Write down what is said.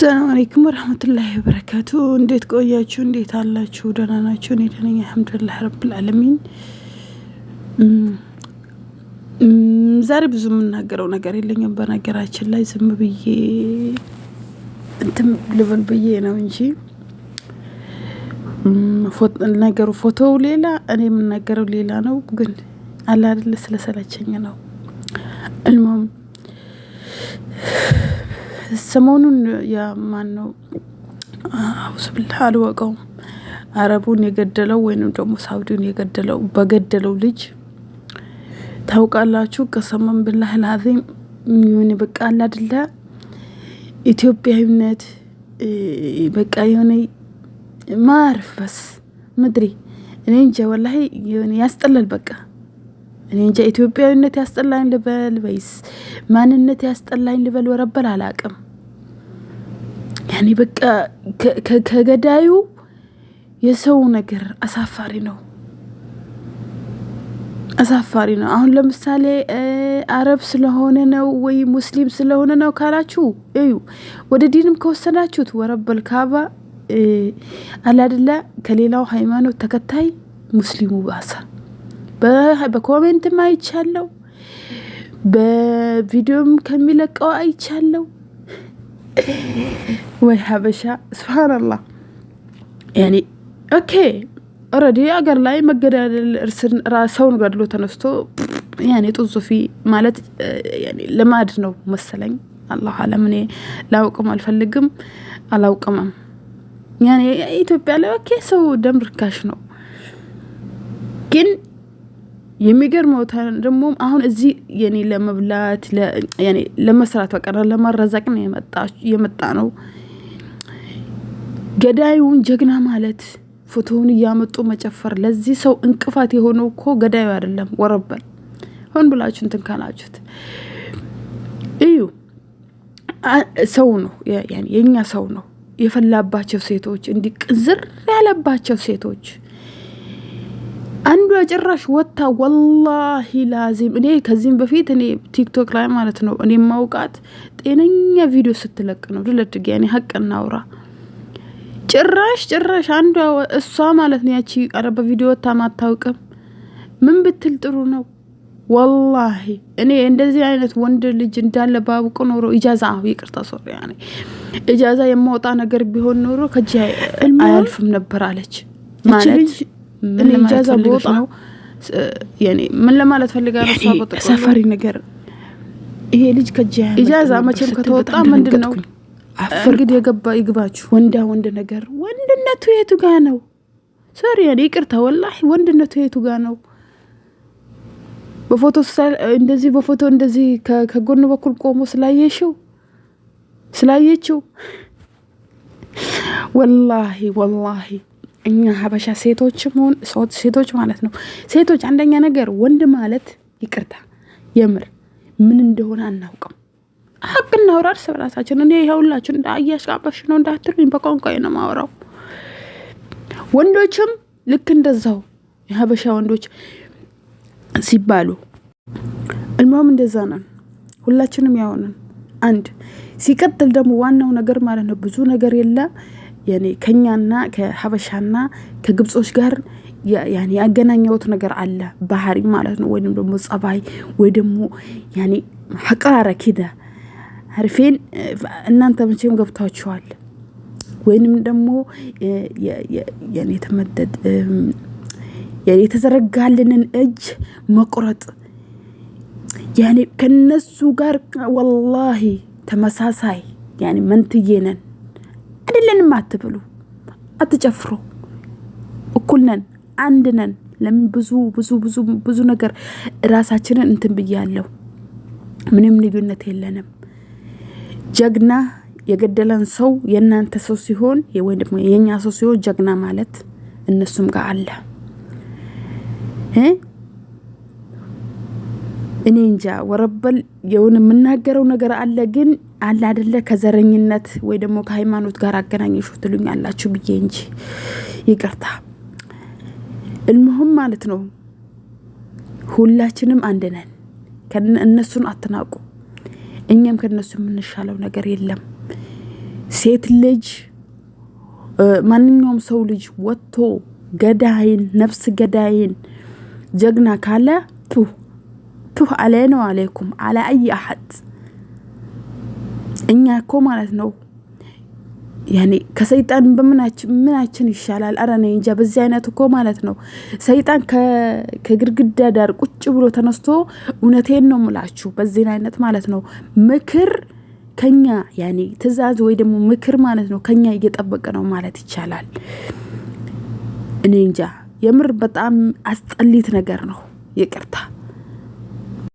ሰላም አለይኩም ወረህመቱላሂ ወበረካቱ። እንዴት ቆያችሁ? እንዴት አላችሁ? ደህና ናችሁ? እኔ ደህና ነኝ፣ አልሐምዱሊላህ ረብል ዓለሚን። ዛሬ ብዙ የምናገረው ነገር የለኝም። በነገራችን ላይ ዝም ብዬ እንትም ልበል ብዬ ነው እንጂ ነገሩ ፎቶው ሌላ፣ እኔ የምናገረው ሌላ ነው። ግን አላደለ ስለሰለቸኝ ነው። እልሞም ሰሞኑን የማን ነው አውስብላ አልወቀውም አረቡን የገደለው ወይንም ደግሞ ሳውዲውን የገደለው በገደለው ልጅ ታውቃላችሁ። ቀሰመን ብላህ ላዚም የሆነ በቃ አለ ኢትዮጵያዊነት በቃ የሆነ ማርፈስ ምድሪ እኔ እንጃ ወላሂ የሆነ ያስጠላል በቃ እኔ እንጃ ኢትዮጵያዊነት ያስጠላኝ ልበል ወይስ ማንነት ያስጠላኝ ልበል ወረበል አላቅም። ያኔ በቃ ከገዳዩ የሰው ነገር አሳፋሪ ነው፣ አሳፋሪ ነው። አሁን ለምሳሌ አረብ ስለሆነ ነው ወይ ሙስሊም ስለሆነ ነው ካላችሁ እዩ። ወደ ዲንም ከወሰዳችሁት ወረበል ካባ አላድላ ከሌላው ሃይማኖት ተከታይ ሙስሊሙ ባሳ በኮሜንትም አይቻለው፣ በቪዲዮም ከሚለቀው አይቻለው። ወይ ሀበሻ ስብሓንላ ያኒ ኦኬ ኦልሬዲ አገር ላይ መገዳደል ሰውን ገድሎ ተነስቶ ያኔ ጡዙፊ ማለት ልማድ ነው መሰለኝ። አላሁ አለም። እኔ ላውቅም አልፈልግም አላውቅምም። ያኔ ኢትዮጵያ ላይ ኦኬ ሰው ደም ርካሽ ነው ግን የሚገርመው ደግሞ አሁን እዚህ የኔ ለመብላት ለመስራት በቀረ ለማረዛቅ የመጣ ነው። ገዳዩን ጀግና ማለት ፎቶውን እያመጡ መጨፈር። ለዚህ ሰው እንቅፋት የሆነው እኮ ገዳዩ አይደለም፣ ወረበል ሆን ብላችሁ እንትን ካላችሁት እዩ ሰው ነው የእኛ ሰው ነው የፈላባቸው ሴቶች እንዲህ ቅንዝር ያለባቸው ሴቶች አንዷ ጭራሽ ወታ ወላሂ ላዚም እኔ ከዚህም በፊት እኔ ቲክቶክ ላይ ማለት ነው እኔ ማውቃት ጤነኛ ቪዲዮ ስትለቅ ነው ድለድግ ያኔ ሀቅ እናውራ። ጭራሽ ጭራሽ አንዷ እሷ ማለት ነው ያቺ ቀረበ ቪዲዮ ወታ ማታውቅም። ምን ብትል ጥሩ ነው ወላሂ እኔ እንደዚህ አይነት ወንድ ልጅ እንዳለ ባውቅ ኖሮ ኢጃዛ ይቅርታ ሶሪ ኢጃዛ የማውጣ ነገር ቢሆን ኖሮ ከእጅ አያልፍም ነበር አለች ማለት እጃዛ ቦታ ነው። ምን ለማለት ፈልጋ ነው? ሰፈሪ ነገር ይሄ ልጅ ከጃ ኢጃዛ መቼም ከተወጣ ምንድን ነው እንግዲህ የገባ ይግባችሁ። ወንዳ ወንድ ነገር ወንድነቱ የቱ ጋ ነው? ሶሪ ያኔ ይቅርታ፣ ወላሂ ወንድነቱ የቱ ጋ ነው? በፎቶ እንደዚህ በፎቶ እንደዚህ ከጎኑ በኩል ቆሞ ስላየሽው ስላየችው ወላሂ ወላሂ እኛ ሀበሻ ሴቶችም ሆን ሴቶች ማለት ነው ሴቶች አንደኛ ነገር ወንድ ማለት ይቅርታ የምር ምን እንደሆነ አናውቅም። ሀቅ እናውራ እርስ በራሳችን። እኔ ይኸውላችሁ እያሽቃበሽ ነው እንዳትሉኝ፣ በቋንቋ ነው የማወራው። ወንዶችም ልክ እንደዛው የሀበሻ ወንዶች ሲባሉ እልማም እንደዛ ነን። ሁላችንም ያውንን አንድ ሲቀጥል ደግሞ ዋናው ነገር ማለት ነው ብዙ ነገር የለ ከኛና ከሀበሻና ከግብጾች ጋር ያኔ ነገር አለ ባህሪ ማለት ነው፣ ወይም ደግሞ ጸባይ ወይ ደግሞ ያኔ ኪደ አርፌን እናንተ መቼም ገብታችኋል። ወይንም ደግሞ የተመደድ የተዘረጋልንን እጅ መቁረጥ ያኔ ከነሱ ጋር ወላሂ ተመሳሳይ ያኔ መንትዬ ነን። የለንም አትብሉ፣ አትጨፍሩ። እኩል ነን፣ አንድ ነን። ለምን ብዙ ብዙ ብዙ ብዙ ነገር ራሳችንን እንትን ብያለሁ። ምንም ልዩነት የለንም። ጀግና የገደለን ሰው የእናንተ ሰው ሲሆን ወይ ደግሞ የእኛ ሰው ሲሆን ጀግና ማለት እነሱም ጋር አለ። እኔ እንጃ ወረበል የሆነ የምናገረው ነገር አለ ግን አለ አደለ ከዘረኝነት ወይ ደግሞ ከሃይማኖት ጋር አገናኘሹ ትሉኝ አላችሁ ብዬ እንጂ ይቅርታ። እልምሁም ማለት ነው ሁላችንም አንድ ነን። እነሱን አትናቁ። እኛም ከነሱ የምንሻለው ነገር የለም። ሴት ልጅ ማንኛውም ሰው ልጅ ወጥቶ ገዳይን ነፍስ ገዳይን ጀግና ካለ ቱ ፍትህ አለይና አለይኩም አላ አይ አሐድ እኛ እኮ ማለት ነው ያኔ ከሰይጣን ምናችን ይሻላል? አረ እኔ እንጃ። በዚህ አይነት እኮ ማለት ነው ሰይጣን ከግድግዳ ዳር ቁጭ ብሎ ተነስቶ እውነቴን ነው ምላችሁ፣ በዚህ አይነት ማለት ነው ምክር ከኛ ያኔ ትእዛዝ ወይ ደግሞ ምክር ማለት ነው ከኛ እየጠበቀ ነው ማለት ይቻላል። እኔ እንጃ የምር በጣም አስጠሊት ነገር ነው። ይቅርታ